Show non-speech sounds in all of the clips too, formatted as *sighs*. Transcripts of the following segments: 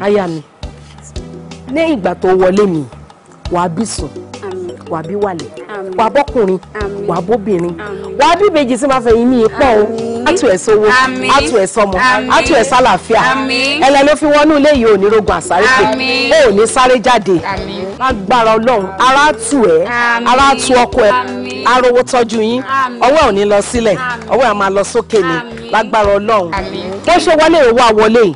aya mi ní ìgbà tó wọlé mi wàá bí sùn wàá bí wàlẹ̀ wàá bọ́kùnrin wàá bóbìnrin wàá bí ìbejì sí máa fẹ̀yìn mí pọ̀ o àtù ẹ̀sọ́ owó àtù ẹ̀sọ́ ọmọ àtù ẹ̀sọ́ àlàáfíà ẹlẹ́ ló fi wọnú ilé yìí ò rogun àsáré pé sáré jáde lágbára ọlọ́run ara tù ẹ́ ara tù ọkọ ẹ arówó tọ́jú yín ọwọ́ ò ní lọ sílẹ̀ ọwọ́ ẹ̀ máa lọ sókè ni lágbára ọlọ́run bó ṣe wọlé ìwà wọlé yìí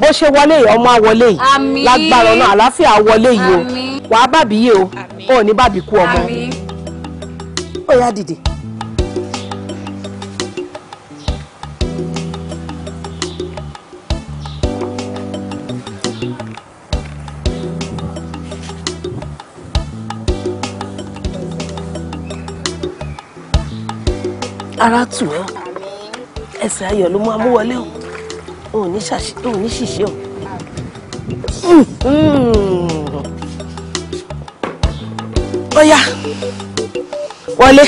bó ṣe wọlé yìí ọmọ àwọlé yìí lágbára náà àlàáfíà àwọlé yìí o wàá bàbí yìí o ò ní bàbí kú ọmọ ó yá dìde. ara tù ẹ́ ẹsẹ̀ ayọ̀ ló mú amúwọlé o o ní ṣìṣe o. Hmm. ó wọlé.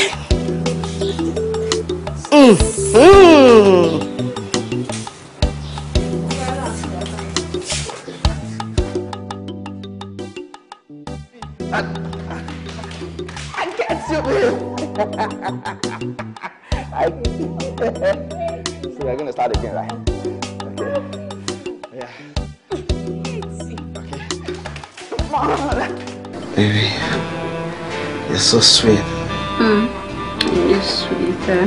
mm sweet. Hmm. You're sweeter.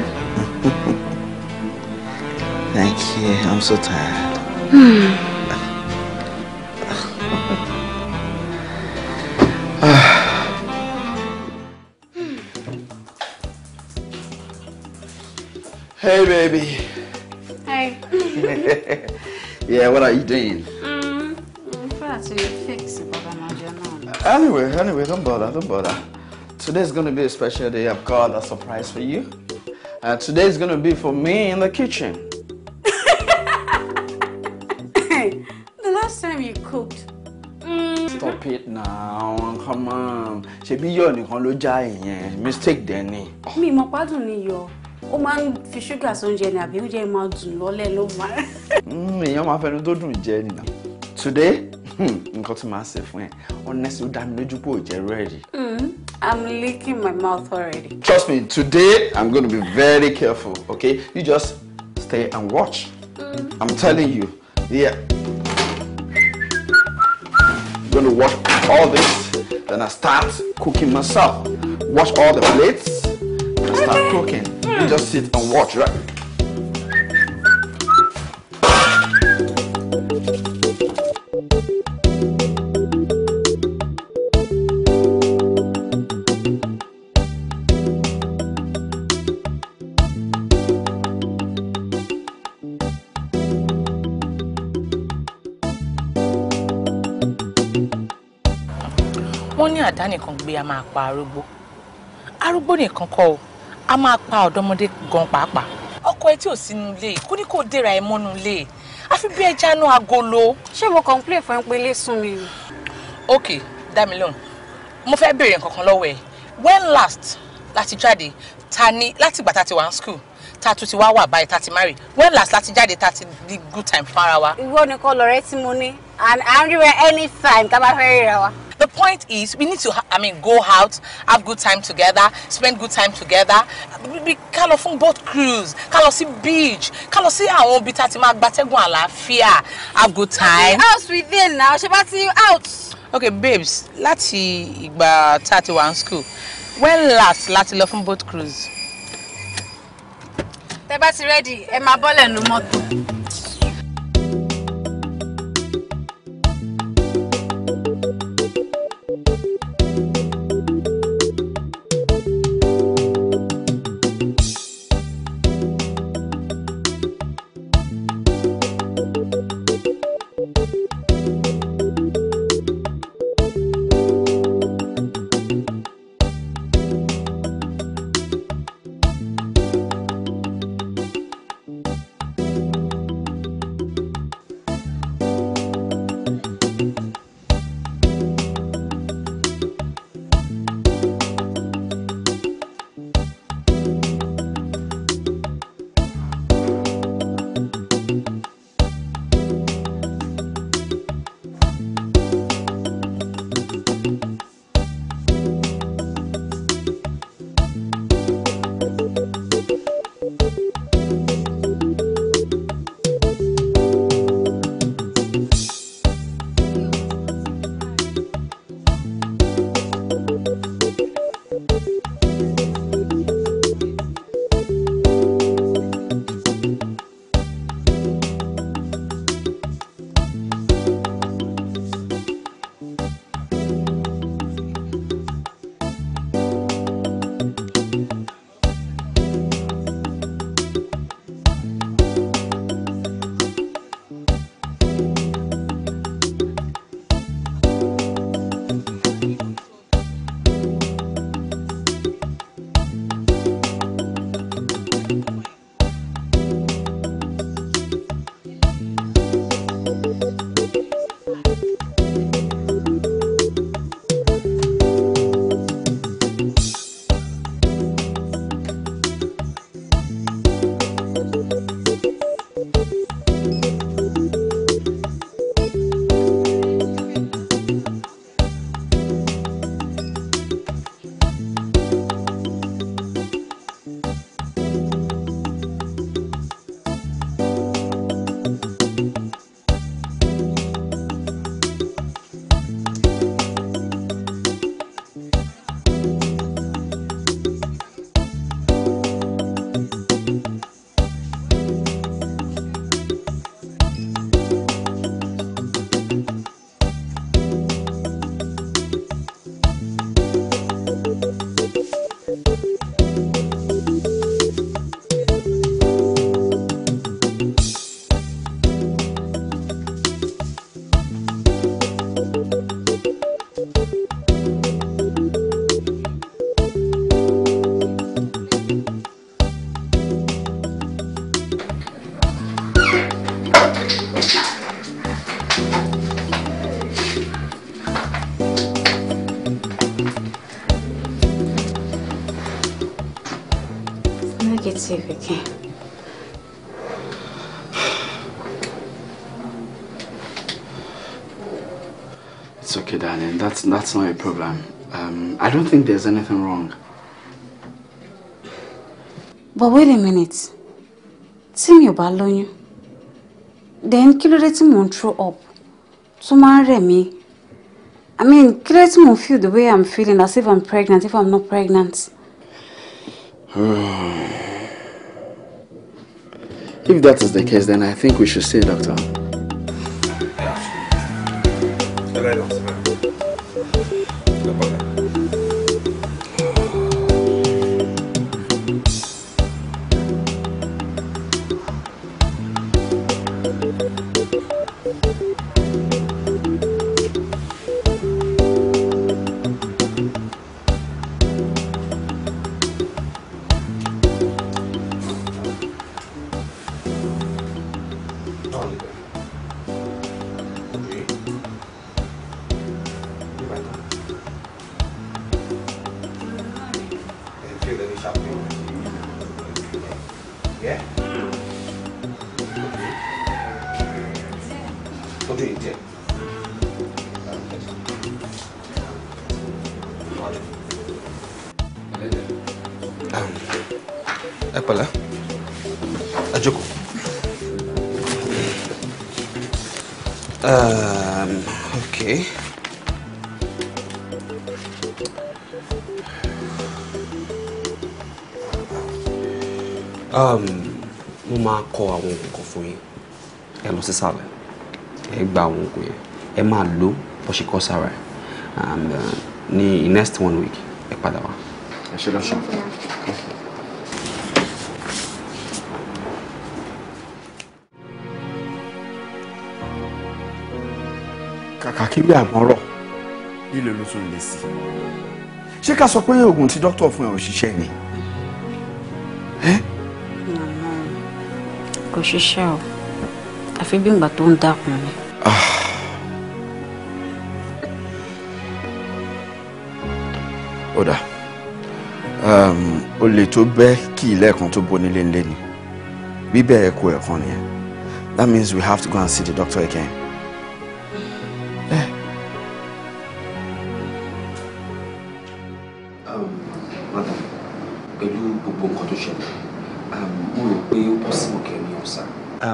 Thank you. I'm so tired. *sighs* hey, baby. Hey. *laughs* yeah, what are you doing? Mm, I'm but I'm not Anyway, anyway, don't bother, don't bother. Today's is going to be a special day. I've got a surprise for you. Uh, today's is going to be for me in the kitchen. *laughs* the last time you cooked. Mm. Stop it now. Come on. Ṣebí yọ̀ nìkan ló já ìyẹn. Mistake dẹ̀ ni. Mi mọ̀ pádùn ni yọ̀. Ó máa ń fi ṣúgà sóúnjẹ ni àbí oúnjẹ máa dùn lọ́lẹ̀ ló máa. *laughs* Mm, èèyàn máa fẹnu tó dùn jẹ nìyà. Today Hmm, nǹkan tí màá ṣe fún ẹ honestly ó dá mi lójú pé ò jẹ́ rẹ́ẹ̀dì. Hmm, I'm licking my mouth already. Trust me today I'm gonna be very careful okay you just stay and watch mm. I'm telling you yeah I'm gonna wash all this then I start cooking myself wash all the plates and start cooking you hmm. just sit and watch right. wọ́n ní àdá nìkan gbé a máa pa arúgbó arúgbó nìkan kọ́ o a máa pa ọ̀dọ́mọdé gan pàápàá ọkọ ẹ tí ò sínú ilé kó ní kó dèrà ẹ mọ́nú ilé àfi bí ẹja nú agolo. ṣé mo complain fún ẹ pé ilé sún mi ok dá mi lóhùn mo fẹ́ béèrè nǹkan lọ́wọ́ ẹ when last láti jáde ta ni láti ìgbà tá ti wà ní school ta tún ti wá wà báyìí ta ti marry when last láti jáde ta ti di good time fún ara wa. ìwọ nìkan lọ̀rẹ́ tí mo ní à ń rí anytime tá a bá fẹ́ ríra wa. The point is, we need to, I mean, go out, have good time together, spend good time together. Bí ká lọ boat cruise, ká lọ beach, ká lọ sí àwọn ibi tá a ti máa gbatẹ́gùn àlàáfíà, have good time. Okay, out within now, ṣe bá ti out. Okay, babes, láti ìgbà tá a ti wà school, when last láti lọ fún boat cruise? Tẹ́ bá ti rẹ́dì, ẹ máa bọ́lẹ̀ nu mọ́tò. That's not a problem. Um, I don't think there's anything wrong. But wait a minute. See me ò bá lóyún. Then kí ló won't throw up? So, my Remy. I mean, kí ló won't feel the way I'm feeling as if I'm pregnant if I'm not pregnant? *sighs* if that is the case, then I think we should see a doctor. Hello, doctor. sila pala. Okay. fún yín ẹ lọ sísàlẹ̀ ẹ gba àwọn oògùn yẹn ẹ máa lò bó ṣe kọ́ sára ẹ and uh, ní next one week ẹ padà wá. ẹ ṣe lọ́sàn. kàkà kí bí àgbọn rọ lílo ló tún lè sí ṣé ká sọ pé oògùn tí dókítà fún ẹ ò ṣiṣẹ́ ni. Eh? ṣiṣẹ́ o àfi bí ìgbà tó ń dákun ni. Ah. ó dà ó ehm, lè tó bẹ́ẹ̀ kí ilẹ̀kùn tó bo nílé ńlẹ́ ni bíbẹ̀ ẹ̀kọ́ ẹ̀kan nìyẹn that means we have to go and see the doctor again.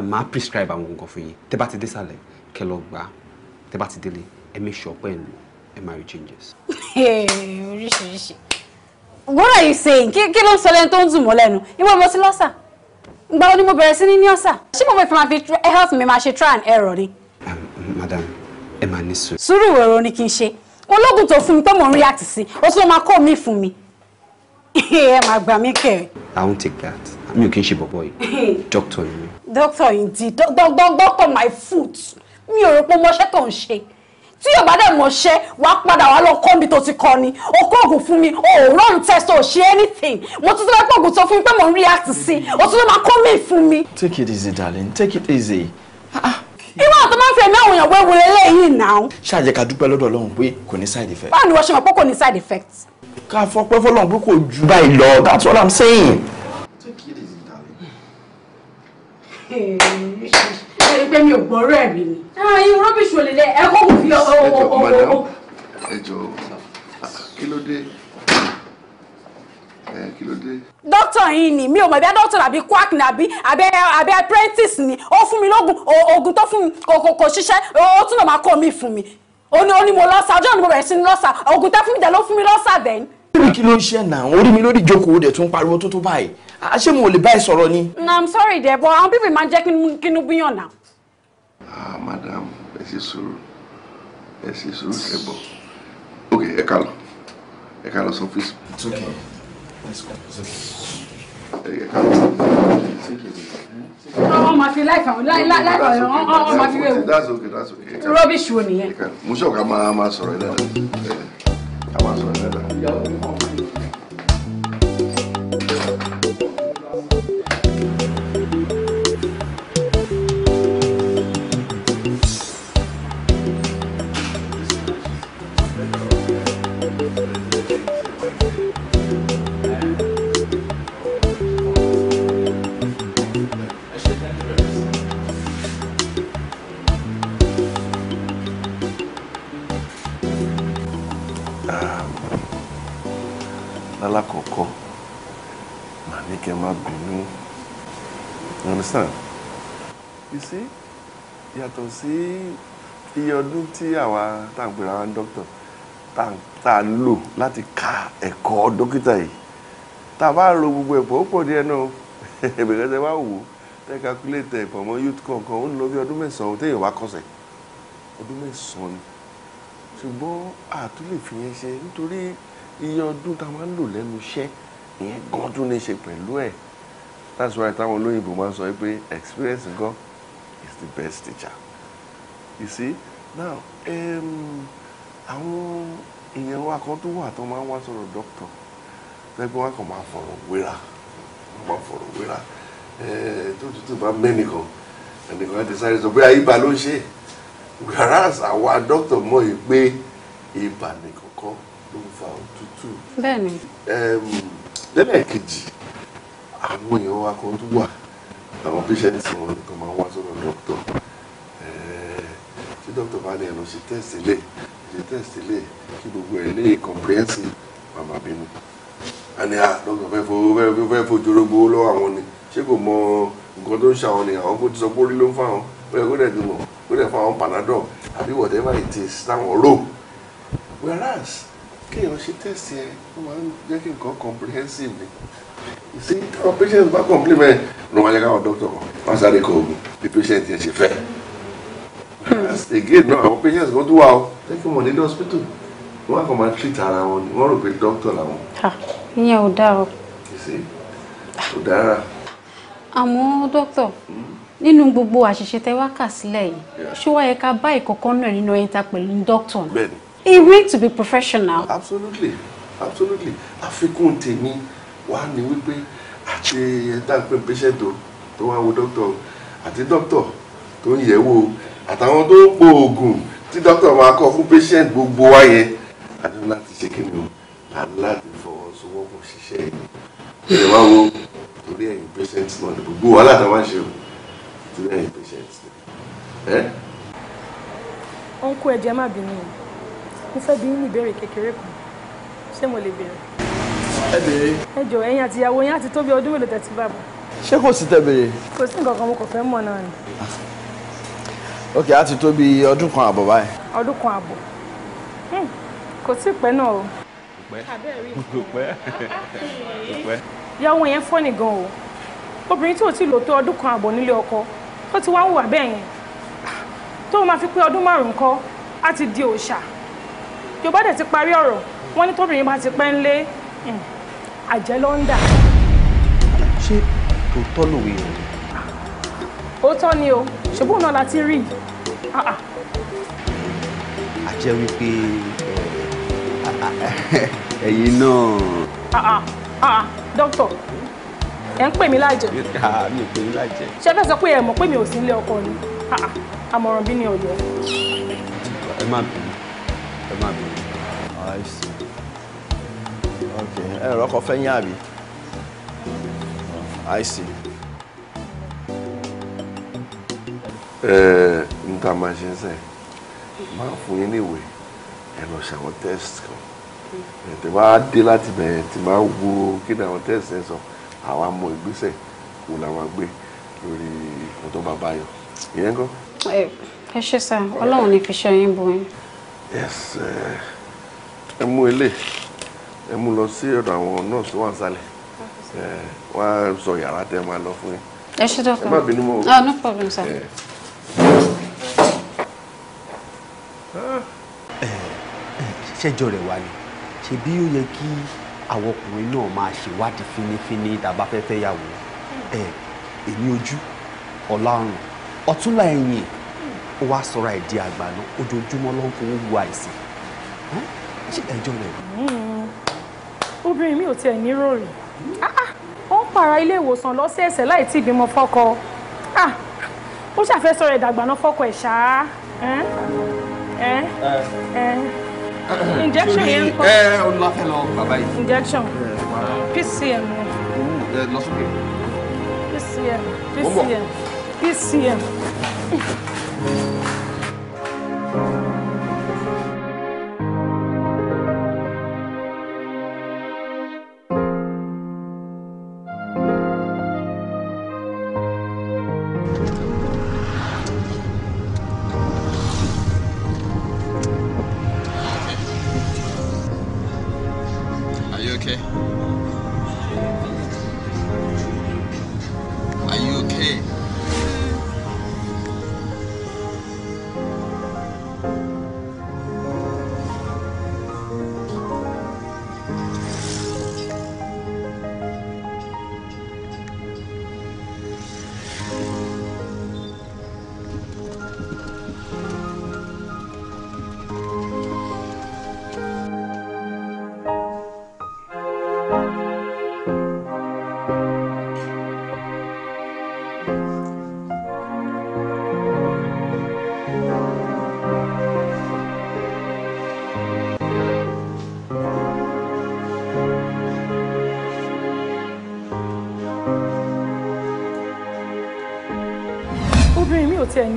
máa prescribe àwọn nǹkan fún yín tẹ bá ti dé sàlẹ̀ kẹ lọ gbà tẹ bá ti délé ẹ make sure pé ẹ máa rí changes. *laughs* oríṣiríṣi what are you saying kí kí ló ń sọ lẹ́nu tó ń dùn mọ́ lẹ́nu ìwọ ìwọ sí lọ́sà ìgbà wo ni mo bẹ̀rẹ̀ sí ní ní ọ̀sà ṣé mo fẹ́ fi máa fi health mi máa ṣe try and error ni. Um, madam ẹ máa ní sùúrù. sùúrù ìwòrò ni kì í ṣe ológun tó fún mi tó mò ń react sí o tún lọ máa kọ́ mi fún mi *laughs* ẹ máa gbà mí kẹ́. I won't take that mi ò kí n ṣe bọ̀bọ̀ *laughs* doctor ni mi. doctor indeed dọ́gbọ́n doctor my foot mi ò rò pé mọṣẹ́ tó ń ṣe tí yóò bá dẹ̀ mọṣẹ́ wàá padà wá lọ kọ́ mi tó ti kọ́ ni o kó oògùn fún mi o ò test o ò anything mo tún tún lọ́pọ̀ oògùn tó fún mi pé mo react sí i o tún lọ́ máa kọ́ mi fún mi. take it easy darling take it easy. ìwọ ah, ah. àti máa ń fi ẹ̀mí àwọn èèyàn wéwu eléyìí náà. ṣáàjẹ́ ká dúpẹ́ lọ́dọ̀ Ọlọ́run pé kò ní side effect. báwo ni wọ́n ṣe mọ̀ pé kò ní side effect. ká fọpẹ́ fọlọ́run pé kò ju báyìí lọ that's what i'm saying fẹ́ kí èdè sí dàrí. ẹ pé mi ò gbọ́rọ̀ ẹ̀ rí ni. ayé rọ́bìṣì ò lè lẹ ẹ kó kò fi ọwọ́. ẹ jọ kí ló dé kí ló dé. dókítà yìí ni mi ò mọ̀ bí dókítà àbí quack ni àbí abẹ́ abẹ́ apprentice ni ó fún mi lóògùn oògùn tó fún mi kò kò ṣiṣẹ́ ó tún lọ́ọ́ máa kọ́ mi fún mi ó ní ó ní mo lọ́sà ọjọ́ ni mo bẹ̀rẹ̀ sí ní lọ́sà oògùn tẹ́ fún mi dẹ̀ ló fún mi lọ́sà bẹ́ẹ̀ kí ló ń ṣe náà orí mi lórí ìjókòó dẹ̀ tún pariwo tó tó báyìí Ah, ṣé mo lè bá ẹ sọ̀rọ̀ ni. na i'm sorry there but àwọn people máa ń jẹ́ kínú bíyàn náà. ah madam ẹ ṣe sùúrù ẹ ṣe sùúrù ẹ bọ̀ ok ẹ ká lọ ẹ ká lọ sọ fíìsì. it's okay let's it's okay. ẹ ká lọ sọ fíìsì wọ́n máa fi láì fàwọn láì láì fàwọn wọ́n máa fi wéwu. that's okay that's okay. rubbish wo nìyẹn. mo ṣe ọ̀ka máa máa sọ̀rọ̀ ẹ̀ dáadáa ẹ̀ máa sọ̀rọ̀ ẹ̀ dáadáa. sí iye ọdún tí àwa tá à ń pera wa ń dókítà tá à ń lò láti ka ẹ̀kọ́ dókítà yìí tá a bá ro gbogbo ẹ̀pọ̀ ó pọ̀ díẹ̀ náà *laughs* ẹ̀bẹ̀rẹ̀ tẹ bá wò ó tẹ calculate ẹ̀pọ̀ mọ́ youth kọ̀ọ̀kan ó ń lọ bí ọdún mẹ́sàn-án téèyàn wá kọsẹ̀ ọdún mẹ́sàn-án ni ṣùgbọ́n àtún lè fi yẹn ṣe nítorí iye ọdún tá a máa ń lò lẹ́nu iṣẹ́ ìyẹn gan tún ní ṣe pẹ̀lú ẹ̀ that's why táwọn olóyìnbó máa ń sọ pé experience gan is the best teacher you see now àwọn èèyàn wa kan tó wà tó máa ń wá sọ̀rọ̀ dókítà lẹ́gbẹ́ wa kan máa fọ̀rọ̀ wéra máa fọ̀rọ̀ wéra eh, tó tútù bá mẹ́nìkan ẹnìkan á ti sáré sọ pé ibà ló ń ṣe whereas àwa dókítà mọ̀ yìí pé ibà nìkan kọ́ ló ń fa òtútù. bẹ́ẹ̀ni. lẹ́lẹ́kejì àwọn èèyàn wa kan tó wà àwọn patients wọn kan máa ń wá sọ̀rọ̀ dókítà tí dókítà bá ní ẹ lọ ṣe test ilé ṣe test ilé kí gbogbo ẹ lè comprehensive màmá bínú àní à dókítà fẹ́ fo fẹ́ fojú rogbo lọ́wọ́ àwọn ni ṣé kò mọ nǹkan tó ń ṣàwọn ni àwọn kò ti sọ pé orí ló ń fáwọn ó yẹ kó dẹ̀ ti mọ̀ ó dẹ̀ fáwọn panadol àbí whatever it is táwọn rò whereas kéèyàn ṣe test yẹn ó máa ń jẹ́ kí nǹkan comprehensive ni ìsìn tí àwọn patients bá complain mẹ́rin ló máa yẹ káwọn dókítà kan wọ́n sáré kọ oògùn bí patient yẹn ṣe fẹ́ again náà àwọn patients kan tó wà ó tẹ́kí wọn nílé hospital wọn kàn máa treat ara wọn ni wọ́n rò pé doctor làwọn. ìyẹn ò dáa o. kò dára. àmọ́ doctor nínú gbogbo àṣìṣe tẹ wá kà sílẹ̀ yìí ṣé wáyé ká bá ìkọ̀kan náà nínú ẹ̀yìn ta pẹ̀lú doctor náà. bẹ́ẹ̀ni. he need to be professional. absolutely absolutely àfikún tèmi wàá ní wípé àti ẹ̀dá pé patient tó wá wo doctor àti doctor tó ń yẹ̀ wò àtàwọn tó ń po oògùn tí dókítà máa kọ fún patient gbogbo wa yẹn àdúrà láti ṣe kí ni o láti fọwọ́sowọ́pọ̀ ṣiṣẹ́ yìí ẹ wá wo torí ẹ̀yin patient náà ni gbogbo wàhálà tá a máa ń ṣe o torí ẹ̀yin patient ni. ọ̀nkú ẹ̀jẹ̀ má bínú o mo fẹ́ bi yín ní ìbéèrè kékeré kan ṣé mo lè béèrè. ẹ béèrè. ẹ jọ̀ọ́ ẹ̀yin àti ìyàwó yín àti tó bí ọdún mélòó tẹ́ ti bàbá. ṣé kò sí tẹ́ béèrè. kò sí nǹkan kan mo kò fẹ́ mọ̀ náà ni ok a ti tó bí ọdún kan àbọ̀ báyìí. ọdún kan àbọ̀ hmm, kò tí ì pẹ́ náà o. kò pẹ́ kò pẹ́ pẹ́. ìyá yẹn fọ́nì gan o obìnrin tí ò tí ì lò tó ọdún kan àbọ̀ nílé ọkọ tó ti wá hùwà bẹ́ẹ̀ yẹn tó máa fi pé ọdún márùn-ún kọ́ á ti di òòṣà yorùbá dẹ̀ ti parí ọ̀rọ̀ wọ́n ní tóbìnrin bá ti pẹ́ ń lé hmm, àjẹ́ ló ń dà. ṣé tòótọ́ lòwe rẹ̀ òótọ́ ni o ṣùgbọ́n náà la ti rí i. Ah, ah. a jẹ́ wípé eh, *laughs* ẹ̀yin náà. Ah, dókítà ẹ ń pè mí láìjẹ́. mi ò pè mí láìjẹ́. ṣé fẹ́ sọ pé ẹ mọ̀ pé mi ò sí ilé ọkọ ni àmọ̀ràn bí ni ọ̀yọ́. ẹ má bínú ẹ má bínú. ẹ rọkọ fẹ́ yín àbí. I see. n ta máa ṣe ń sẹ̀ máa fún yín níwèé ẹ lọ ṣe àwọn test kan tẹ bá dé láti bẹ̀rẹ̀ tí máa wo kí ni àwọn test yẹn sọ àwa mọ ìgbésẹ̀ kò làwọn gbé lórí ìkùn tó bá bá yọ ìyẹn kọ́. ẹ ṣe sá ọlọ́run ní fi ṣe yín bu yín. yes ẹ mú ilé ẹ mú lọ sí ọ̀dọ̀ àwọn nọ́ọ̀sì wà sálẹ̀ wọ́n á sọ yàrá tẹ́ máa lọ fún yín. ẹ ṣe dọ́kun ah no problem sir. Yeah ṣẹ́jọ́ rẹ̀ wá ni ṣebí ó yẹ kí àwọn ọkùnrin náà máa ṣèwádìí fínífíní tàbá fẹ́ fẹ́ yàwó ẹ èmi ojú ọ̀làrùn ọ̀túnla ẹ̀yìn ó wá sọ̀rọ̀ ẹ̀ di àgbà náà ojoojúmọ́ ló ń fowó wu àìsàn ṣé ẹjọ́ rẹ̀ wá. Hmm, obìnrin mi ò tiẹ̀ nírò rí ah, ah, ó ń pààrà ilé ìwòsàn lọ́sẹ̀ẹ̀sẹ̀ láì tí ì fọ́kọ. Ah, ó ṣàfẹ́ sọ̀rọ̀ ìdàgbà náà fọ́kọ ẹ̀ ṣáá injection yẹn ń kọ́ ẹ olùlàfẹ́ lọ bàbá yìí injection pcm lọ sókè pcm pcm pcm.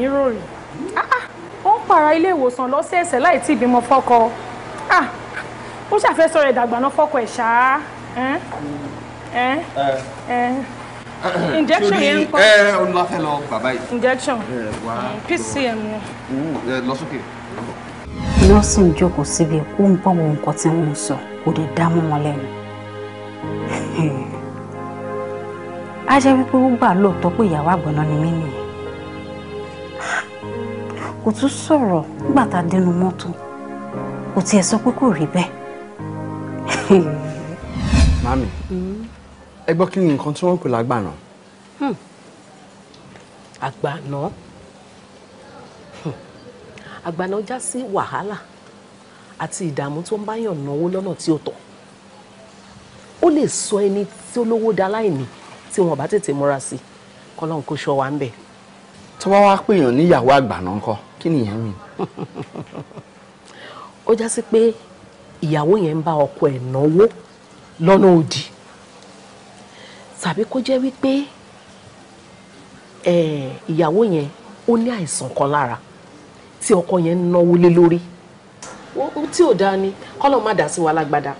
níròrí ah, ah, ó ń para ilé ìwòsàn lọ́sẹ̀ẹ̀sẹ̀ láì tí ìbímọ fọ́kọ ah, ó ṣàfẹ́sọ̀ rẹ̀ dàgbà náà fọ́kọ ẹ̀ ṣáá *coughs* injection yẹn ń kọ́ ẹ ọ lọ fẹ́ lọ bàbá yìí injection pcm mm, yẹn lọ sókè. nọ́ọ̀sì ń jókòó síbi ó ń bọ̀ wọ nǹkan tí wọ́n ń sọ kò dé dá mọ́ wọn lẹ́nu *laughs* a jẹ́ wípé ó gbà lóòótọ́ pé ìyàwó àgbọ̀nà ni mí nìyí kò tún sọ̀rọ̀ nígbà tá a dénú mọ́tò kò tiẹ̀ sọ pé kò rí bẹ́ẹ̀. *laughs* mami ẹ gbọ́ kí ni nǹkan tí wọ́n kò lágbàna. Hmm. àgbàna hmm. àgbàna já sí wàhálà àti ìdààmú tó ń báyàn náwó lọ́nà tí ó tọ́ ó lè sọ ẹni tí ó lówó da láìní tí wọn bá tètè múra sí kọ́lọ́n kó ṣọ́ wa ń bẹ̀. tó bá wá pèèyàn níyàwó àgbàna ńkọ́ kí nìyẹn mi. *laughs* ó já sí pé ìyàwó yẹn ń bá ọkọ ẹ̀ náwó lọ́nà òdì tàbí kó jẹ́ wípé ìyàwó yẹn ó ní àìsàn kan lára tí ọkọ yẹn ń náwó lé lórí tí ò dáa ni kọ́lọ̀ má dá sí wa lágbádá.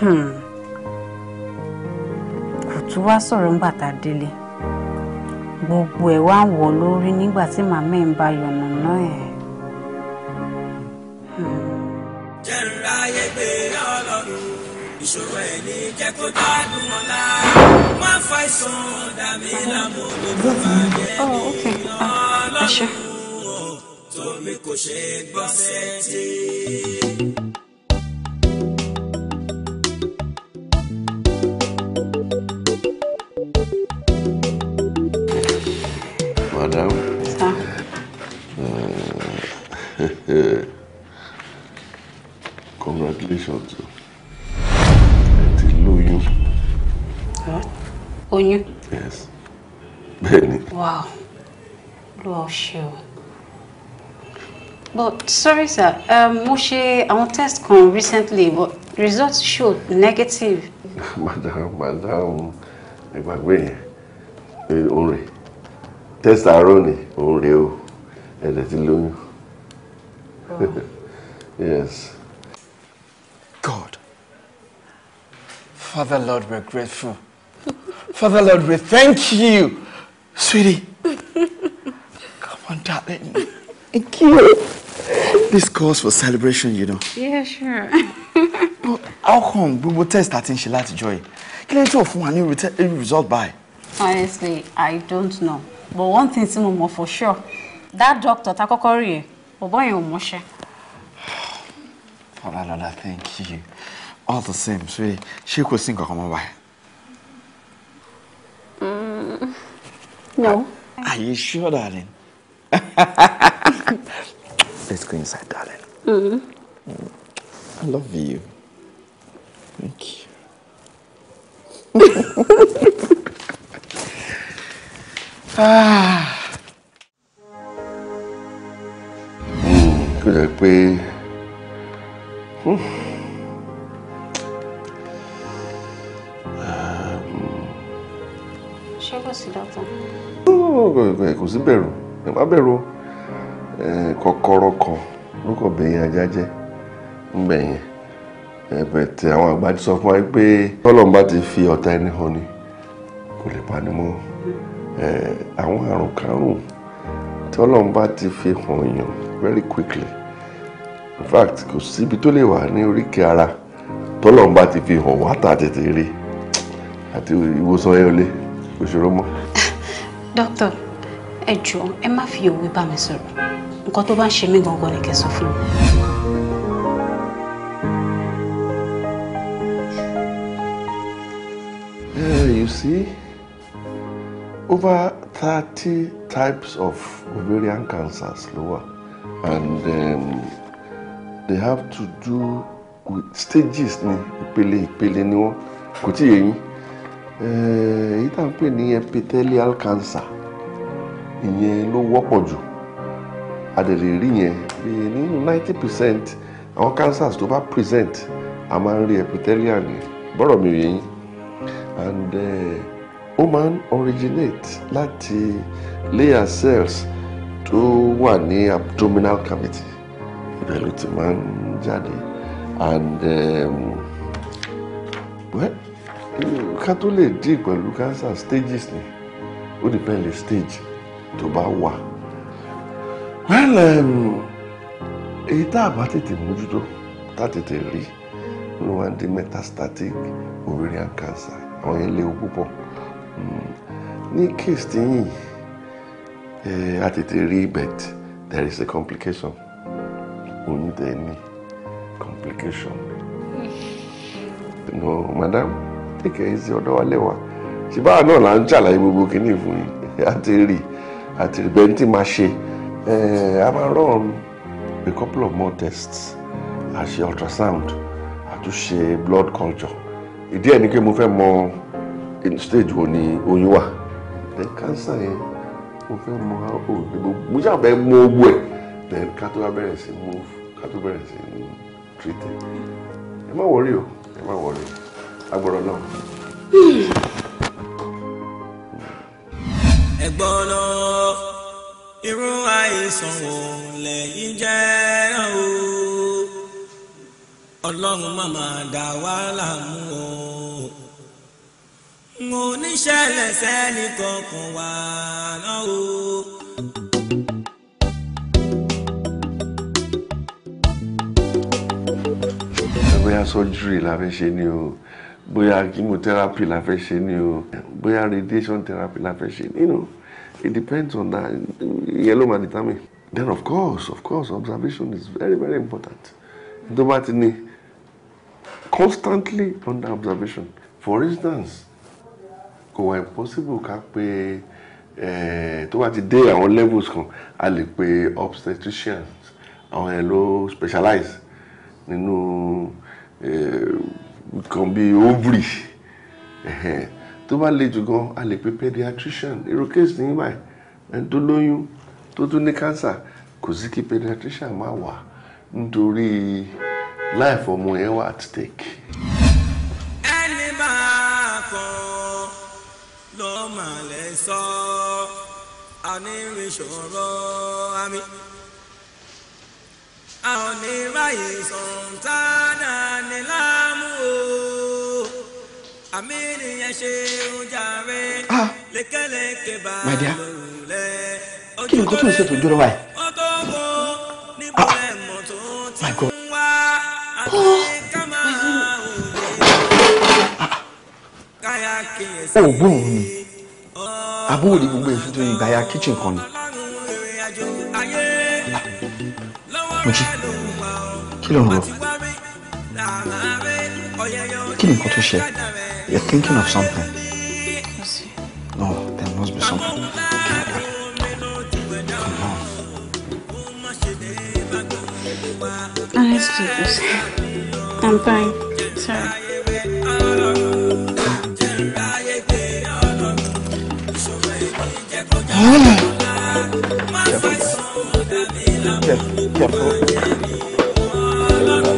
Hmm. tún wá sọ̀rọ̀ ńgbà tá gbogbo ẹ̀ wá ń wọ̀ lórí nígbà tí màmá ń ba yọ̀nà náà ẹ̀. ayé gbé ọlọ́run ìṣòro jẹ́ kó fa ìsàn ọ̀dà mi lójú oyún. yes bẹ́ẹ̀ni. wow ló wà o but sorry sir um, mo ṣe àwọn test kan recently but results showed negative. *laughs* madam madam ẹ gbàgbé yẹn òun test àárọ̀ ni òun o ẹ̀dẹ̀ ti lóyún. *laughs* yes. God, Father Lord, we're grateful. Father Lord, we thank you. Sweetie, *laughs* come on, darling. Thank you. This calls for celebration, you know. Yeah, sure. But how come we will test that in Shilati Joy? Can you tell talk for one result by? Honestly, I don't know. But one thing is more for sure. That doctor, Takokori, kọ́kọ́ rí ẹ, bọ̀bọ́ Father Lord, thank you. All the same, sweetie, she could sing a come by. Mm, no. Are, are you sure, darling? *laughs* Let's go inside, darling. Mm. I love you. Thank you. *laughs* ah. mm, good, kò sí bẹ̀rù ẹ má bẹ̀rù kọ́kọ́rọ́ kan ló bẹ̀yìn ajá jẹ́ ńgbẹ̀yìn ẹ̀bẹ̀tẹ̀ àwọn àgbà ti sọ fún wa pé bá ti fi ọ̀tá ẹni hàn ni kò lè pa ni mọ́ àwọn àrùn ti fi hàn yàn very quickly in fact kò síbi tó lè wà ní ara ti fi hàn wá ta tètè rí àti ìwòsàn ẹ̀ ẹ jọ ẹ má fi òwe bá mi sọ̀rọ̀ nǹkan tó bá ń ṣe mí gangan ni kẹ́ sọ fún mi. Eh, you see over 30 types of ovarian cancers ló and um, they have to do with stages ní ìpele ìpele ni wọn kò tí yẹ yín eh, epithelial cancer ìyẹn ló wọ́pọ̀ jù a dẹ̀ lè rí yẹn nínú ninety percent àwọn cancers tó bá present a máa ń rí epithelial ni bọ́rọ̀ mi ò and eh, ó máa ń originate láti layer cells tó wà ní abdominal cavity ibẹ̀ ló ti máa ń jáde and um, well ká tó lè dí pẹ̀lú cancer stages ni ó depend lè stage tó bá wà well um, èyí tá a bá tètè mójútó tá a tètè rí ló wá di metastatic ovarian cancer àwọn yẹn léwu púpọ̀ hmm, ní case tí yìí a tètè rí but there is a complication oyún tẹ̀ ní complication no madam take it easy ọ̀dọ̀ wa lẹ́wà ṣùgbọ́n àná là ń jàlàyé gbogbo kìíní fún yín a rí i àti ìgbẹ́ni tí máa ṣe eh, a máa rán a couple of more tests a ultrasound a tún blood culture ìdí ẹ̀ ni pé mo fẹ́ mọ stage wo ni oyún wà then cancer yẹn mo fẹ́ mọ mo ṣàbẹ̀ mọ owó ẹ̀ then ká tó bẹ̀rẹ̀ sí move ká tó bẹ̀rẹ̀ sí treat ẹ̀ ẹ má wọrí o ẹ má wọrí agbọ̀rọ̀ náà gbọ́nà irú àìsàn wò lẹ́yìn jẹ́ náà o ọlọ́run má máa dà wá láàmú o mo níṣẹ̀lẹ̀ sẹ́ni kankan wà náà o. bóyá surgery la fẹ́ ṣe ni o bóyá chemotherapy la fẹ́ ṣe ni o bóyá radiation therapy la fẹ́ ṣe ni o. You know? it depends on that yellow man determine then of course of course observation is very very important tó constantly under observation for instance kò wá impossible ká pé eh, tó bá ti dé àwọn levels kan a lè pe obstetricians àwọn yẹn ló specialize nínú eh, nǹkan bíi ovary tó bá le jù gan a lè pe pediatrician irú case ní báyìí ẹni tó lóyún tó tún ní cancer kò sí kí pediatrician má wà nítorí life ọmọ yẹn wà at stake. ẹni bá kọ ló máa lè sọ àníríṣòro àmì àwọn oníráyè sọ̀tàn dáadáa ni láàrín ah my dear kí ni nǹkan tó ń ṣe tó dúró wáyé ah my god ah. ó ò gbóhùn mi àbúrò ní gbogbo èso tó yin gbàyà kitchen kan ni ah. mo jí kí ló ń lọ kí ni nǹkan tó ṣe. You're thinking of something. No, there must be something. come on. Honestly, I'm fine. Sorry. Careful, careful. careful.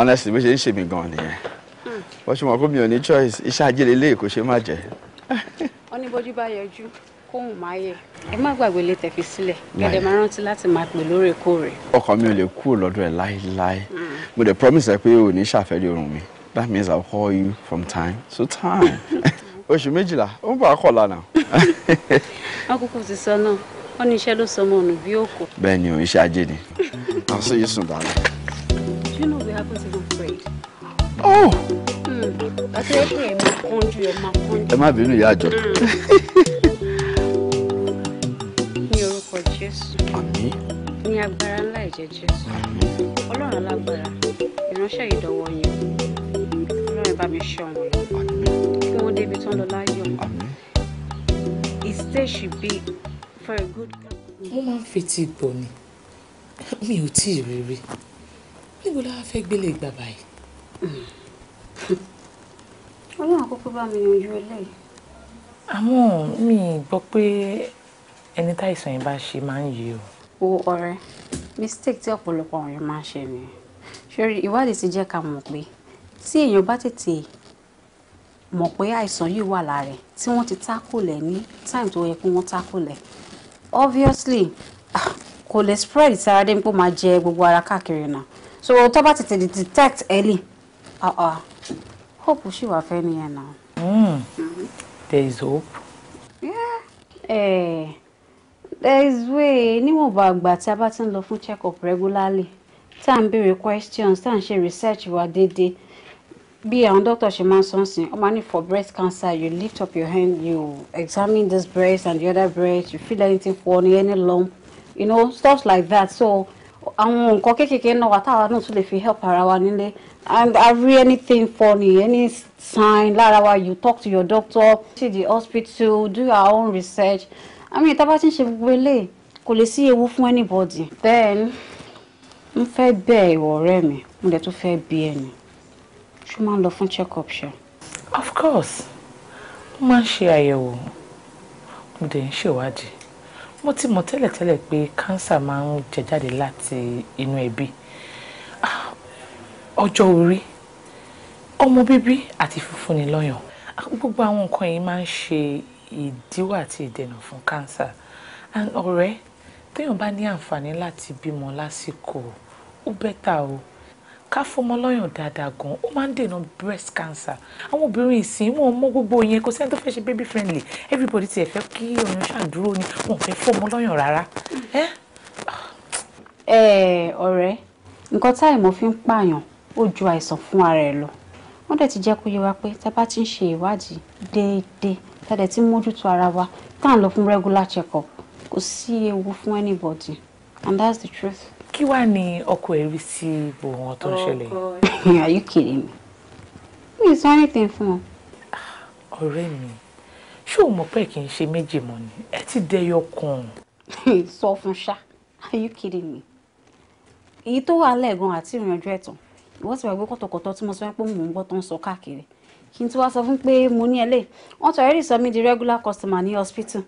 honestly bó ṣe ń ṣe mí gan nìyẹn hmm. bó ṣe mọ̀ pé mi ò ní choice iṣẹ́ ajé lélẹ́yìí kò ṣe má jẹ́. ó ní bójú bá yọjú kóhùn máa yẹ ẹ má gbàgbé ilé tẹ̀fi sílẹ̀ gẹ́gẹ́ máa rántí láti máa pè lóòrèkóòrè. ọkàn mi ò lè kúrò lọ́dọ̀ ẹ̀ láéláé hmm. mo dẹ̀ promise ẹ pé o ní ṣàfẹ́rí oorun mi that means i will call you from time to time *laughs* oṣù méjìlá ó ń bọ̀ akọ̀ lánàá. wọn *laughs* kúkú ti sọ náà wọn ní iṣẹ́ ló sọ ọmọ ọ̀nà bí òkú. bẹ́ẹ̀ ni o iṣẹ́ ajé ni *laughs* i'll see you soon darling travel to go trade. Oh! Àti ẹ pé ẹ máa ẹ máa kánjú. Ẹ má bínú ìyá àjọ. Hmm. Ní orúkọ Jésù. Àmín. Ní agbára ńlá Jésù. Àmín. Ọlọ́run alágbára, ìránṣẹ́ ìdánwò yẹn. Ọlọ́run bá mi ṣọ́ wọn. Àmín. Kí wọ́n débi tán lọ láyọ̀. Àmín. His stay should be for a good. Wọ́n máa ń fi ti bọ̀ ni, mi ò tí ì níbo la fẹ́ gbélé gbà báyìí. ọlọ́run àkókò bá mi yanjú eléyìí. àmọ́ mi gbọ́ pé ẹni táìsàn yìí bá ṣe máa ń yé o. o ọ̀rẹ́ mistake tí ọ̀pọ̀lọpọ̀ àwọn èèyàn máa ń ṣe nìyẹn ṣórí ìwádìí ti jẹ́ ká mọ̀ pé tí èèyàn bá tètè mọ̀ pé àìsàn yìí wà lára ẹ̀ tí wọ́n ti tákòlẹ̀ ní time tó yẹ kí wọ́n tákòlẹ̀ obviously ah, kò lè spread sára dé pé ó máa jẹ gbogbo ara káàkiri náà so tó bá tètè detect early ah ah hope ṣì wà fẹ́ nìyẹn náà. Hmm. Mm-hmm. there is hope. Yeah. Eh, there is way níwọ̀nba àgbà tí a bá ti ń lọ fún check up regularly tá à ń béèrè questions tá à ń ṣe research wa déédéé bí àwọn doctor ṣe máa ń sọ́n sìn ọmọ ní for breast cancer you lift up your hand you examine this breast and the other breast you feel anything funny any lump you know stuff like that so àwọn nǹkan kéékèèké náà wà táwa náà tún lè fi help ara wa nílé and every anything funny any sign lára wa you talk to your doctor see the hospital do your own research i mean tá a bá ti ń ṣe gbogbo eléyìí kò lè sí ewu fún anybody then n fẹ́ bẹ̀ ìwọ ọ̀rẹ́ mi mo dẹ̀ tún fẹ́ bí ẹni ṣó máa ń lọ fún check up ṣe. of course mo máa ń ṣe àyẹ̀wò mo dẹ̀ ń ṣèwádìí mo ti mọ̀ tẹ́lẹ̀tẹ́lẹ̀ pé kánsà máa ń jẹ jáde láti inú ẹbí ah, ọjọ́ orí ọmọ bíbí àti fífúnni lọ́yàn ah, gbogbo àwọn nǹkan yìí máa ń ṣe ìdíwọ́ àti ìdènà fún kánsà ọ̀rẹ́ téèyàn bá ní àǹfààní láti bímọ lásìkò ó bẹ́tà o ká fọmọ lọ́yàn dáadáa gan ó máa ń dènà breast cancer àwọn obìnrin ìsìn wọn mọ gbogbo yẹn kò sẹ́ni tó fẹ́ ṣe baby friendly everybody ti ẹ̀ fẹ́ kí oyún ṣàdúró ni wọn fẹ́ fọmọ lọ́yàn rárá. ẹ ọ̀rẹ́ nǹkan tá ìmọ̀ fi ń pààyàn ó ju àìsàn fún ara ẹ̀ lọ wọ́n dẹ̀ ti jẹ́ kó yé wa pé tá a bá ti ń ṣe ìwádìí déédéé tá a dẹ̀ ti mójútó ara wa tá à ń lọ fún regular check up kò sí ewu fún anybody and that's the truth kí wàá ní ọkọ ẹ rí sí gbogbo wọn tó ń ṣẹlẹ̀. are you kidding me mi ò sọ anything fún ọ. Ah, ọ̀rẹ́ mi ṣé o mọ̀ pé kì í ṣe méjì mọ́ ni ẹ ti dẹyọ kan. sọ fún ṣá are you kidding me èyí tó wà lẹ́ẹ̀gan àti ìrìnàjò ẹ̀tàn ìwọ́n ti wà gbé kọ̀tọ̀kọ̀tọ̀ tí mo sọ pé mò ń gbọ́ tó ń sọ káàkiri kí n tí wàá sọ fún pé mo ní ẹlẹ́ wọ́n ti already sọ mí di regular customer ní hospital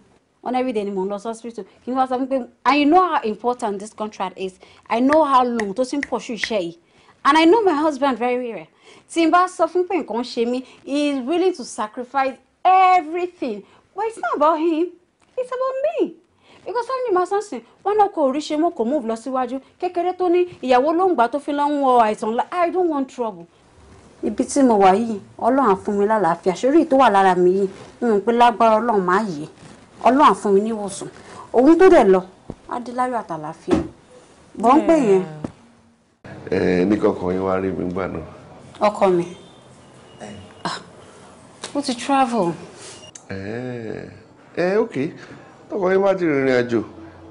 on every day ni mò ń lọ sí kí n wá sọ pé i know how important this contract is i know how long tó ti ń pọ̀ṣù iṣẹ́ yìí and i know my husband very well tí n bá sọ fún pé nǹkan ṣe mí he is willing to sacrifice everything but it's not about him it's about me because sanni ma sansin wọn náà kò oríṣi mọ kò move lọ síwájú kékeré tó ní ìyàwó ló ń gbà tó fi lọ ń wọ àìsàn i don't want trouble ibi tí mo wà yìí ọlọ́run á fún mi lálàáfíà ṣorí tó wà lára mi yìí n ò lágbára ọlọ́run má yé ọlọ́run á fún mi níwòsàn òun tó dẹ̀ lọ á dé láyọ̀ àtàlàfíà bọ́ ń pè yẹn. ẹ ẹ ní kọkọ yín wá rí mi gbà náà. ọkọ mi ah, ó ti travel. ẹ ẹ ok tọkọ yín bá ti rìnrìn àjò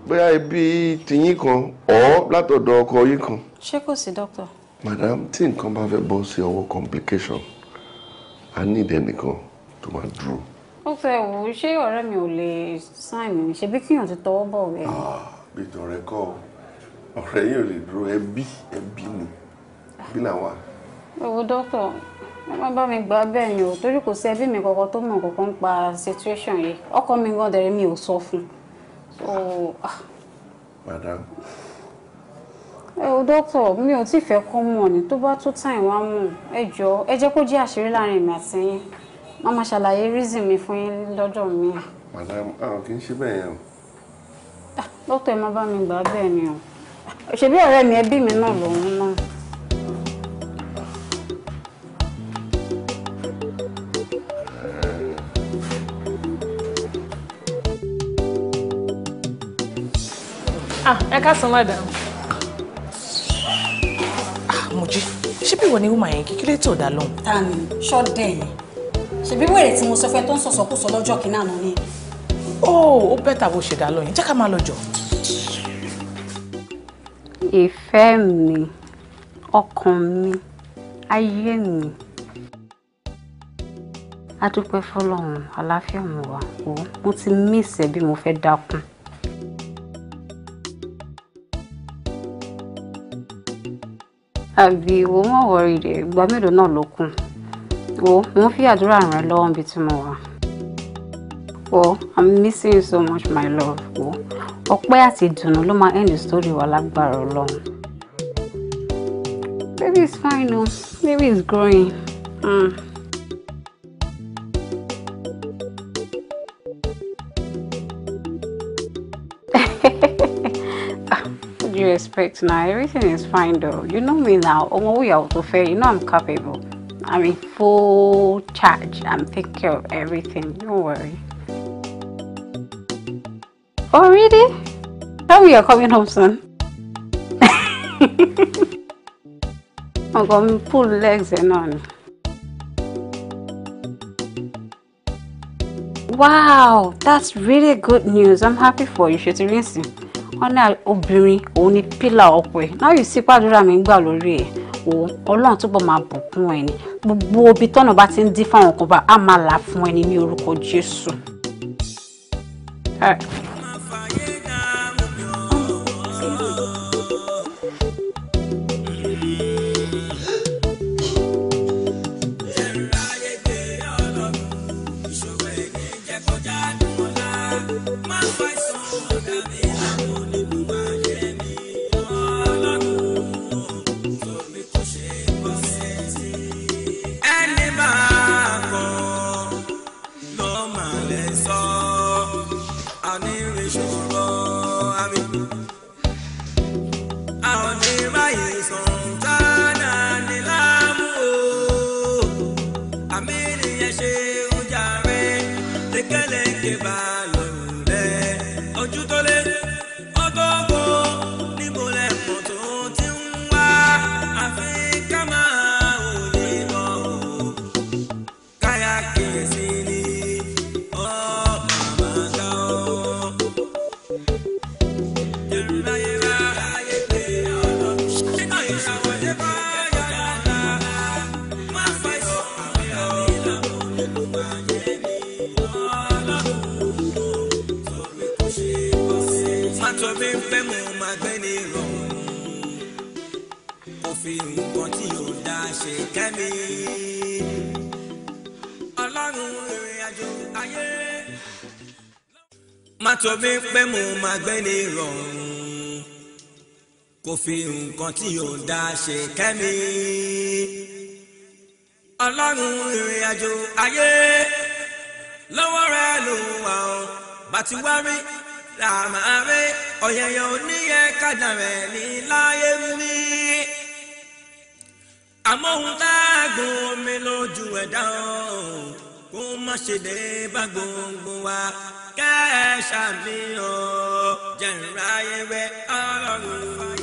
bóyá ibi tìyín kan ọ látọ̀dọ̀ ọkọ yín kan. ṣé kò sí dókítà. madam tí nǹkan bá fẹ́ bọ́ sí ọwọ́ complication i need ẹnìkan tó máa dúró ó fẹ́ wò ó ṣé ọ̀rẹ́ mi ò lè sáìn mi ṣe bí kíyàn ti tọwọ́ bọ̀ wẹ̀. Ah, bí tọ̀rẹ́ kọ́ ọ̀rẹ́ yìí ò lè dúró ẹbí ẹbí ni bí làwa. owó dókítà má bá mi gbà bẹ́ẹ̀ ni o torí kò sí ẹbí mi kankan tó mọ̀ kankan ń pa situation yìí ọkọ mi gan dẹ̀rẹ̀ mi ò sọ fún un. o ah. dókítà mi ò tí ì fẹ́ kọ́ mọ̀ ni tó bá tó tàn wá mọ̀ ẹ jọ ẹ jẹ́ kó jẹ́ àṣírí láàrin èmi àti má máa ṣàlàyé reason mi fún yín lọ́jọ́ mi. madam a ò kí ń ṣe bẹ́ẹ̀ yẹn o. Ah, dókítà ẹ má bá mi gbà á bẹ́ẹ̀ ni o ṣebí ọ̀rẹ́ mi ẹbí mi náà lòun náà. Ah, ẹ káàsán madam. Ah, Mojí, ṣé bí ìwọ ni woman yẹn kí kí ló dá lóhùn? Ta ni, ṣọ́dẹ̀ yẹn ṣèbí wèrè tí mo sọ fẹ́ tó ń sọ̀sọ̀ kù sọ lọ́jọ́ kìíní àná ni. Oh, ó ó bẹ́tà bó ṣe dá lọ yẹn jẹ́ ká máa lọ jọ. ìfẹ́ mi ọkàn mi ayé mi a dúpẹ́ fọlọ́run aláfíà mi wà ó mo ti mísẹ̀ bí mo fẹ́ dákun. àbí wo mọ̀ wọ́rí rẹ̀ ìgbà náà ló kù wo mo ń fi àdúrà ràn ẹ́ lọ́wọ́ níbi tí mo wà wo i'm missing you so much my love wo ọpẹ́ àti ìdùnnú ló máa end the story wa lágbára ọlọ́run baby is fine o baby is growing. Mm. *laughs* you expect now? Everything is fine though. You know me now. Omo, we are to fair. You know I'm capable. I'm in full charge. I'm taking care of everything. Don't worry. Oh, really? Tell me you're coming home soon. I'm going to pull legs and on. Wow, that's really good news. I'm happy for you, Shetirisi. Ọ̀nà obìnrin òun ni pílà ọ̀pọ̀ ẹ̀. Now you see pàdúrà mi ń gbà lórí wò ó ọlọ́run túbọ̀ máa bùkún ẹ ní gbogbo ibi tọ́nà bá ti ń dín fáwọn kan bá a máa là fún ẹ ní ní orúkọ jésù. sọ pé ń fẹ́ mo máa gbẹ́ ní ìrọ̀rùn kò fi nǹkan tí ò dá ṣe kẹ́mi. ọlọ́run ìrìn àjò ayé. má sọ pé ń fẹ́ mo máa gbẹ́ ní ìrọ̀rùn kò fi nǹkan tí ò dá ṣe kẹ́mi. ọlọ́run ìrìn àjò ayé lọ́wọ́ rẹ̀ ló wà ó bá wá rí làmàbẹ ọ̀yẹ̀yẹ̀ oníyẹ kàdàmẹ̀ ní láyé mi. àmọ́ ohun tá a gùn mi lójú ẹ̀dá ọ̀hún kó má ṣe dé bá gbogbo wa kẹ́ ẹ ṣàfihàn jẹ̀ǹráyẹ̀wẹ̀ ọlọ́run.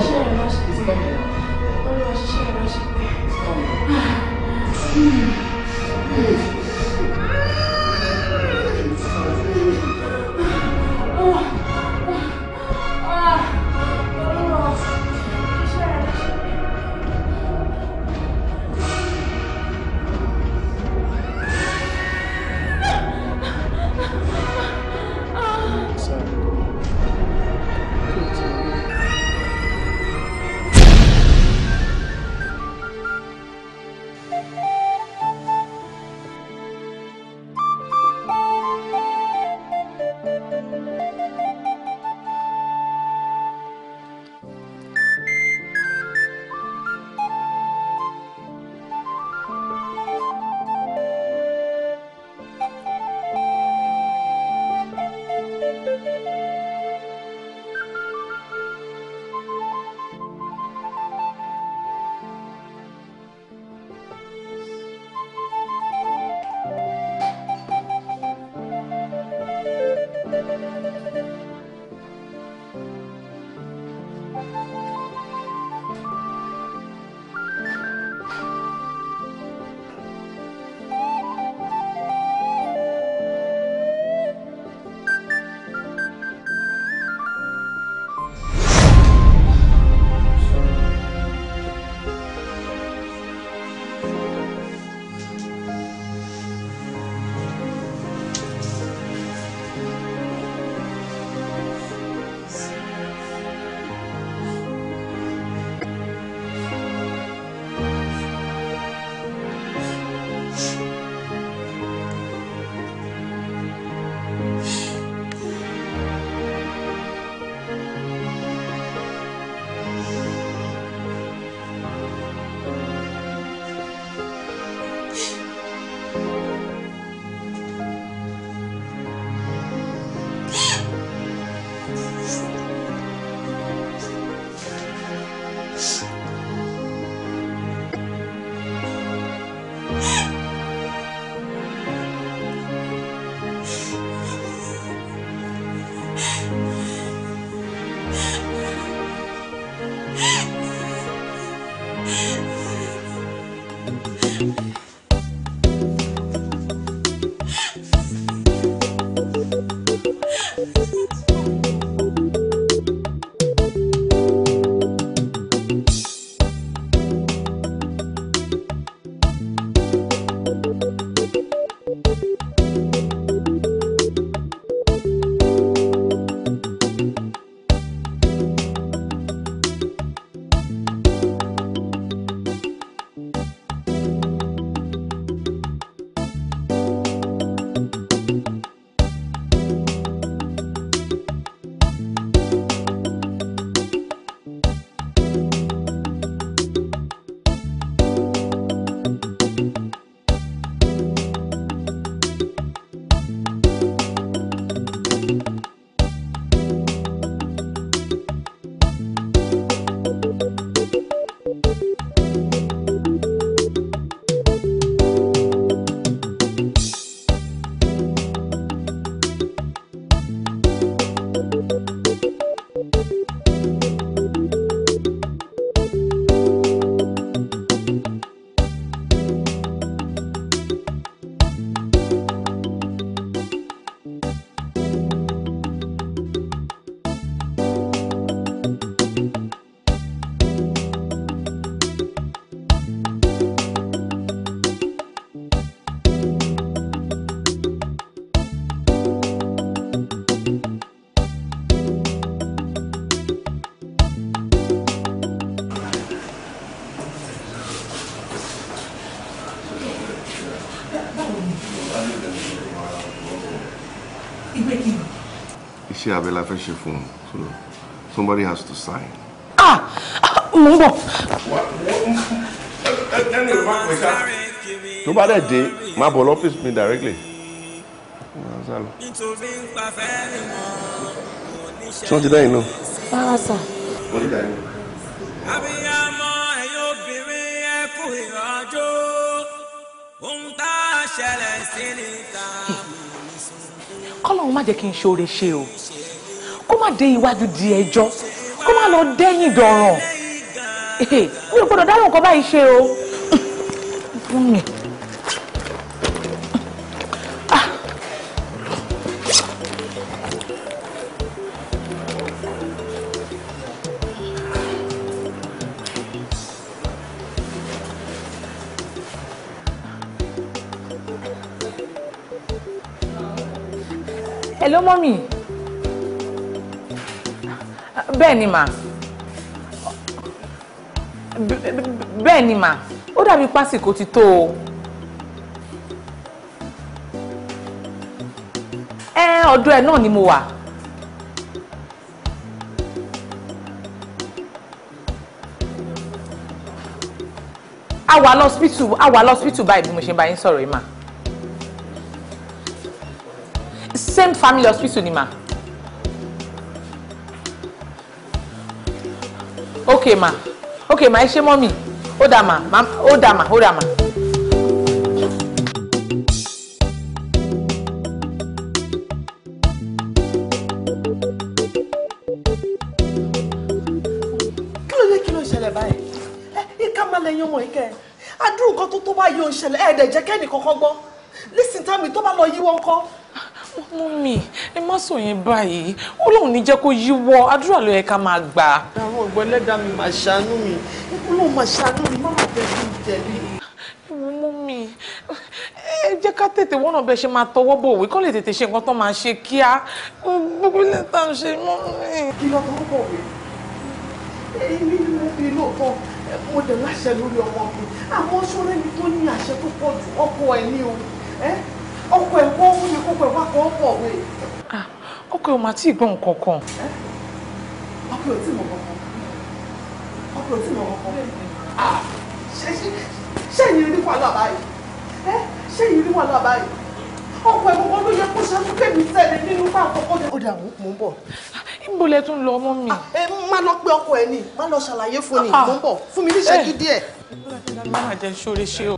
coming now. It's coming now. It's coming now. Thank you. ṣe fún so somebody has to sign. Ah! ah mo ń bọ̀. tó bá dẹ̀ dé máa bọ̀ directly. tí wọ́n ti dá yìí náà. rárá sà. wọ́n ti dá yìí náà. abiyamọ ẹ̀yin obìnrin ẹ kú ìrọ̀jò ohun tá a má jẹ́ kí n ṣoore ṣe o má dé iwájú di ẹjọ́ kó má lọ dẹ́yìn dọ̀ràn mi ò gbọ́dọ̀ dáhùn nǹkan báyìí ṣe o. Ah. Hello, mommy bẹ́ẹ̀ ni mà bẹ́ẹ̀ ni mà ó dàbí pásìkò ti tó o. ẹ ọ̀dọ̀ ẹ náà ni mo wà. a wà lọ́sibítù a báyìí bí mo ṣe bá yín sọ̀rọ̀ yìí mà same family hospital ni mà. okay ma okay ma ẹ ṣe mọ́mì ó dà mà ó dà mà ó dà mà. kí ló dé kí ló ṣẹlẹ̀ báyìí ẹ ká má lẹ́yìn ọmọ yìí kẹ́ ẹ adúrú nǹkan tó tó bá yọ ìṣẹ̀lẹ̀ ẹ̀ẹ́dẹ̀ jẹ́ kẹ́nì kankan gbọ́ lísìn tó bá lọ yíwọ́ ńkọ́. mọ́mì má sọ yẹn báyìí Ọlọ́run ní jẹ́ kó yíwọ́ àdúrà ló yẹ ká máa gbà. àwọn ọ̀gbọ́n ẹlẹ́dàá mi máa ṣàánú mi Ọlọ́run máa ṣàánú mi má má bẹ́ẹ̀ bí mi tẹ̀lé. ìwọ mú mi ẹ jẹ́ ká tètè wọ́n náà bẹ́ẹ̀ ṣe máa tọwọ́ bọ̀ òwe kó lè tètè ṣe nǹkan tó máa ṣe kíá gbogbo ilẹ̀ ń ṣe mọ́ mi. kí ló tó bọ̀ wí? èmi ni mo fi lóòótọ́ mo dẹ̀ láṣẹ lórí ọmọ mi àmọ́ ọkọ ẹ̀ kọ́ ó ní kókó ẹ̀ wá kọ́ ọ́ pọ̀ wé. Ah, ọkọ ẹ̀ ò máa tí ì gbọ́ nǹkan kan. ọkọ ẹ̀ ò tí ì mọ̀ kankan ọkọ ẹ̀ ò tí ì mọ̀ kankan. Ah, ṣé ìyẹn ní wàhálà báyìí ṣé ìyẹn ní wàhálà báyìí ọkọ ẹ̀ gbogbo ló yẹ kó ṣe fún kébì sẹ́ni nínú fún àkọ́kọ́ ni. ó dà mú mú bọ̀. Ah, níbo lẹ tún lọ ọmọ mi. ẹ má lọ pé ọkọ ẹ ni má lọ ṣàlàyé fún ni mú bọ̀ fún mi níṣẹ́ eh. gidi ẹ̀. ìgbà tí mo máa jẹ ṣoore ṣe o.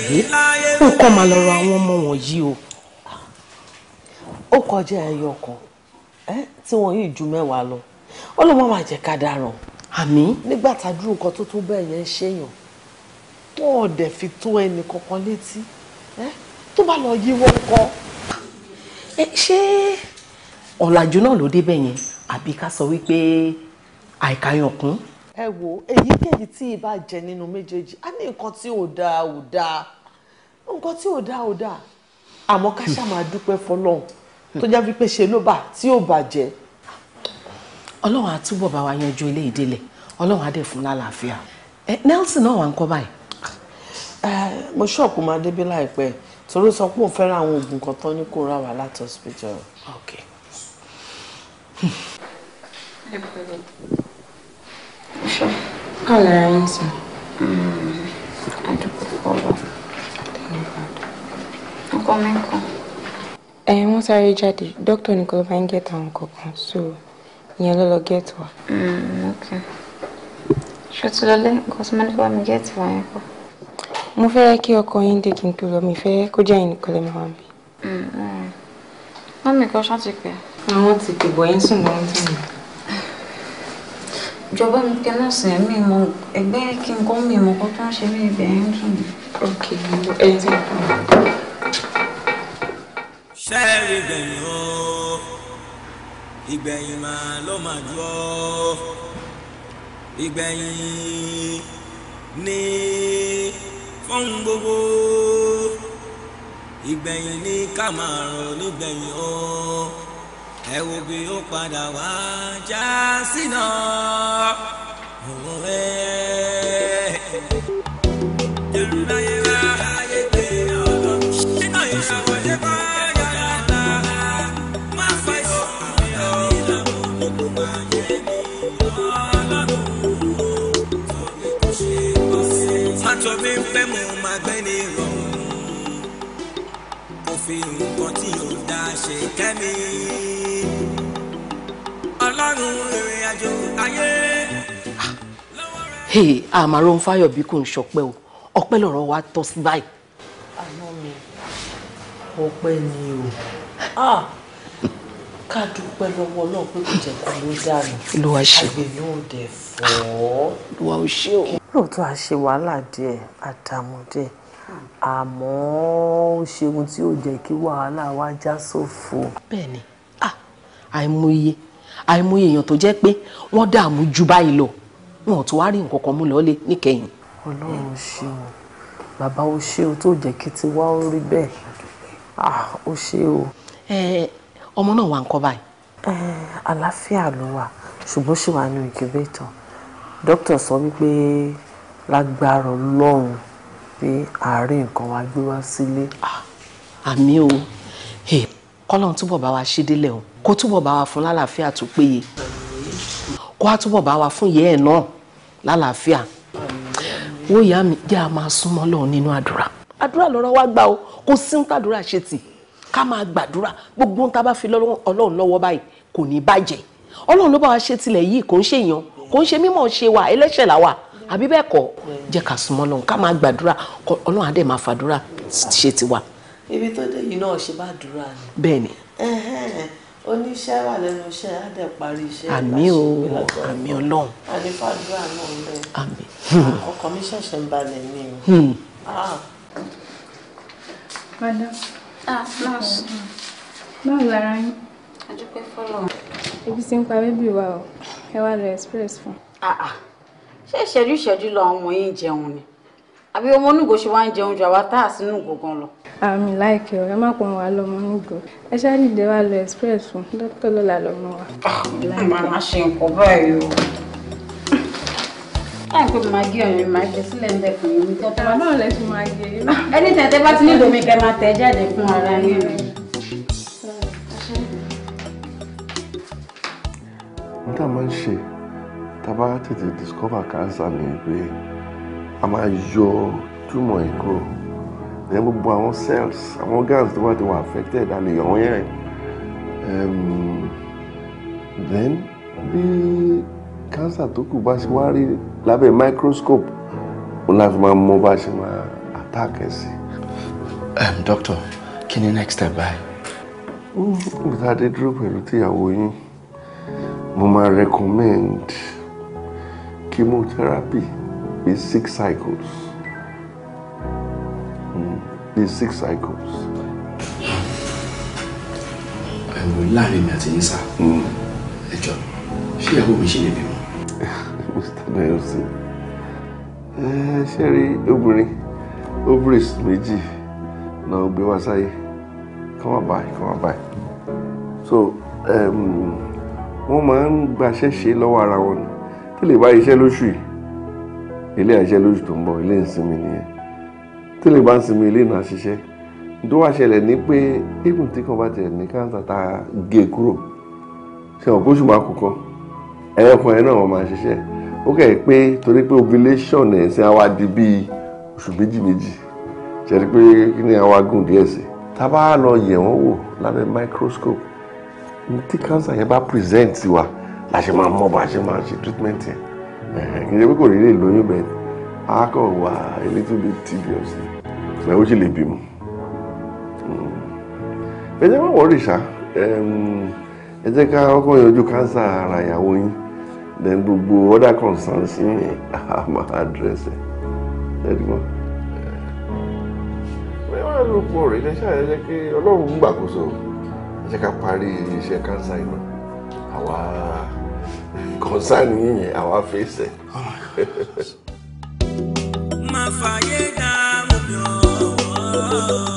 yìí nǹkan mà lọ́rọ̀ àwọn ọmọ wọ̀nyí o. ó kọjá ẹyọ kan tí wọn yìí ju mẹ́wàá lọ ọlọ́mọ máa jẹ́ ká dáràn àmì nígbà tá a dúró nǹkan tó tó bẹ́ẹ̀ yẹn ń ṣèyàn tó ọ̀dẹ̀ fi tó ẹnì kankan létí tó bá lọ yíwọ́ nǹkan. ṣé ọ̀làjú náà ló débẹ̀ yẹn àbí ká sọ wípé àìkáyọ̀kún ẹ wo èyíkéyìí tí ì bá jẹ nínú méjèèjì á ní nǹkan tí ò dáa ò dáa nǹkan tí ò dáa ò dáa àmọ́ ká ṣáà máa dúpẹ́ fọlọ́run tó jẹ́ wípé ṣe ló bà tí ò bàjẹ́. ọlọ́run á túbọ̀ bá wa yanjú ilé ìdílé ọlọ́run á dẹ̀ fún lálàáfíà Nelson náà wà ń kọ́ báyìí. mo ṣọ́ọ̀kù máa débí láìpẹ́ torí sọ pé òun fẹ́ràn àwọn oògùn kan tán ní kó ra wà láti hospital. okay. How hmm. are you, sir? Mm. I do follow. Thank God. Ọkọ mi ńkọ́? Ẹ wọ́n sáré jáde. Dókítà ní kó lọ bá ń gẹ̀tà àwọn kankan. So, ìyẹn ló lọ gẹ̀tà wa. Mm, okay. Ṣé o ti lọ lé nǹkan tí mo ní bá mi gẹ̀tà wa yẹn kọ́? Mo fẹ́ kí ọkọ yín dé kí n tó lọ. Mi fẹ́ kó jẹ́ ẹ̀yin nìkan lè máa wà mí. Mọ́mí ti ti pè bọ̀ yín sùn lọ́wọ́ tí ìjọba mi kẹ́ náà sìn mí mọ ẹgbẹ́ kí n kọ́ mi mọ kó tó ń ṣe mí ibẹ̀ ń dùn ok ẹyin tí mo kọ́. ṣẹ́ẹ̀rì o ìgbẹ̀yìn máa ló máa jù ọ́ ìgbẹ̀yìn ní fún gbogbo ìgbẹ̀yìn ní ká máa rọ̀ nígbẹ̀yìn o ẹ wo bí ó padà wá já sí náà. àmàrò ń fáyọ̀ bí kò ń ṣọpẹ́ o ọpẹ́ lọ̀rọ̀ wa tọ́ sí báyìí. àná mi ọpẹ́ ni o ká dúpẹ́ lọ́wọ́ náà pé kò jẹ́ kó ló dànù olúwa ṣe àgbègbè ò dẹ̀ fọ́ olúwa ò ṣe o. lóòótọ́ a ṣe wàhálà díẹ̀ àdàmú díẹ̀ àmọ́ ó ṣeun tí ò jẹ́ kí wàhálà wa já sófo. bẹ́ẹ̀ni àìmọye àìmọye èèyàn tó jẹ́ pé wọ́n dààmú ju báyìí lọ wọn ò tún wá rí nǹkan kan mú lọ́lé níkẹyìn. ọlọ́run ṣe o bàbá o ṣe o tó jẹ́ kí tiwa ó rí bẹ́ẹ̀ ah o ṣe o. ọmọ náà wà nǹkan báyìí. àlàáfíà ló wà ṣùgbọ́n ṣì wà ní incubator dókítà sọ wípé lágbára ọlọ́run pé àárẹ̀ nǹkan wa gbé wá sílé. Ah, àmì o kọ́lọ́n túbọ̀ bá wa ṣe délẹ̀ o kó túbọ̀ bá wa fún lálàáfíà tó péye kó a túbọ̀ bá wa fún ìyá ẹ̀ náà lálàáfíà wọ́n ìyá mi jẹ́ a máa súnmọ́ lọ́hùn nínú àdúrà àdúrà lọ́rọ̀ wa gbà o kò sí ń tàdúrà ṣe tì ká máa gbàdúrà gbogbo ń tá bá fi ọlọ́run lọ́wọ́ báyìí kò ní bàjẹ́ ọlọ́run ló bá wa ṣe tilẹ̀ yìí kò ń ṣe èèyàn kò ń ṣe mímọ̀ ṣe wà ẹlẹ́ṣẹ̀ là wà àbí bẹ́ẹ̀ kọ́ jẹ́ ká súnmọ́ lọ́hùn ká máa gbàdúrà ọlọ́run á máa fàdúrà ṣe tiwa. ibi tó dé yìí náà ṣe bá dúrà bẹ́ẹ̀ ni oníṣẹ́ wà lẹ́nu iṣẹ́ á dẹ̀ parí iṣẹ́ àmì o àmì ọlọ́run àní fàdúrà náà ń bẹ àmì ah, ọkàn mi ṣẹ̀ṣẹ̀ ń balẹ̀ ni o. Hmm. Ah. madam ah, báwo lára yín. adúpẹ́ fọlọ́. ebi ti ń pa bébì wa o ẹ wá lọ express fún. ṣé ìṣẹ́jú ìṣẹ́jú lọ àwọn yín jẹun ni àbí ọmọ onúgò ṣe wá ń jẹun ju àwa tá à sínú ìgò gan lọ. àmì láìkẹ́ ọ̀rẹ́ má pọn wa lọ́mọ onígò ẹ ṣáà dìde wa lọ express fún dókítà lọ́la lọ́mọ wa. màmá ah, ṣe nǹkan báyìí o. láì pé màá gé ọ̀rẹ́ màá jẹ sílẹ̀ ń dẹkùn yìí nítorí tó bá ti. àbáwọlẹ̀ tí màá gé e ẹni tẹ̀tẹ̀ bá ti ní ìdòmí kẹ́ máa tẹ̀ jáde fún ara yín rẹ̀. n tá a máa ń ṣe tá a bá tètè discover cancer ni pé a máa yọ túmọ̀ ẹ̀ kúrò ìyẹn gbogbo àwọn cells àwọn organs tó bá ti wà affected a lè yẹn then bí cancer tó kù bá ṣe wá rí lábẹ́ microscope ó láti máa mọ bá ṣe máa attack ẹ̀ sí. doctor kí ni next step báyìí. níbi tá a dé dúró pẹ̀lú tíyàwó yín mo máa recommend chemotherapy bíi six cycles hmm, bíi six cycles. I will mi àti yín sá hmm. ẹ jọ ṣé ìyàwó mi ṣe lè bímọ. mr nayosi ṣe ubri, obìnrin meji. No be gbé wá sáyé kàn wá báyìí kàn wá so um, wọ́n máa ń gbaṣẹ́ ṣe lọ́wọ́ ara wọn kí lè bá iṣẹ́ ilé àṣẹ lóṣù tó ń bọ̀ ilé ìsinmi nìyẹn tí lè bá ń sinmi ilé náà ṣiṣẹ́ tó wá ṣẹlẹ̀ ní pé even tí kan bá tẹ̀ ní káńsà tá a gé kúrò ṣe wọn bóṣù máa kú kan ẹyọkan ẹ náà wọn máa ṣiṣẹ́ ó kẹ́ ẹ̀ pé torí pé ovulation ẹ̀ ṣe àwa di bíi oṣù méjì méjì ṣe rí pé kí ni àwa gùn díẹ̀ sí tá a bá lọ yẹ̀ wọ́n wò lábẹ́ microscope tí káńsà yẹn bá present wa la ṣe máa mọ̀ bá ṣe máa ṣe treatment yẹn. kì í ṣe pé kò rí bẹ́ẹ̀ á kọ̀ wá a little bit tedious ẹ̀ ó sì lè bímọ. ẹ jẹ́ wọ́n wọ́ọ́rì ṣá ẹ jẹ́ ká ọkọ̀ ara ìyàwó yín then gbogbo other concerns yín á máa address ẹ̀ ẹ̀dùnmọ́. Eh, ẹ wá ló pọ̀ rẹ̀ ẹ ṣáà ẹ jẹ́ kí ọlọ́run gbàkóso ẹ jẹ́ ká parí iṣẹ́ Concerning yín yẹn àwa fèsì. Oh máa fàyè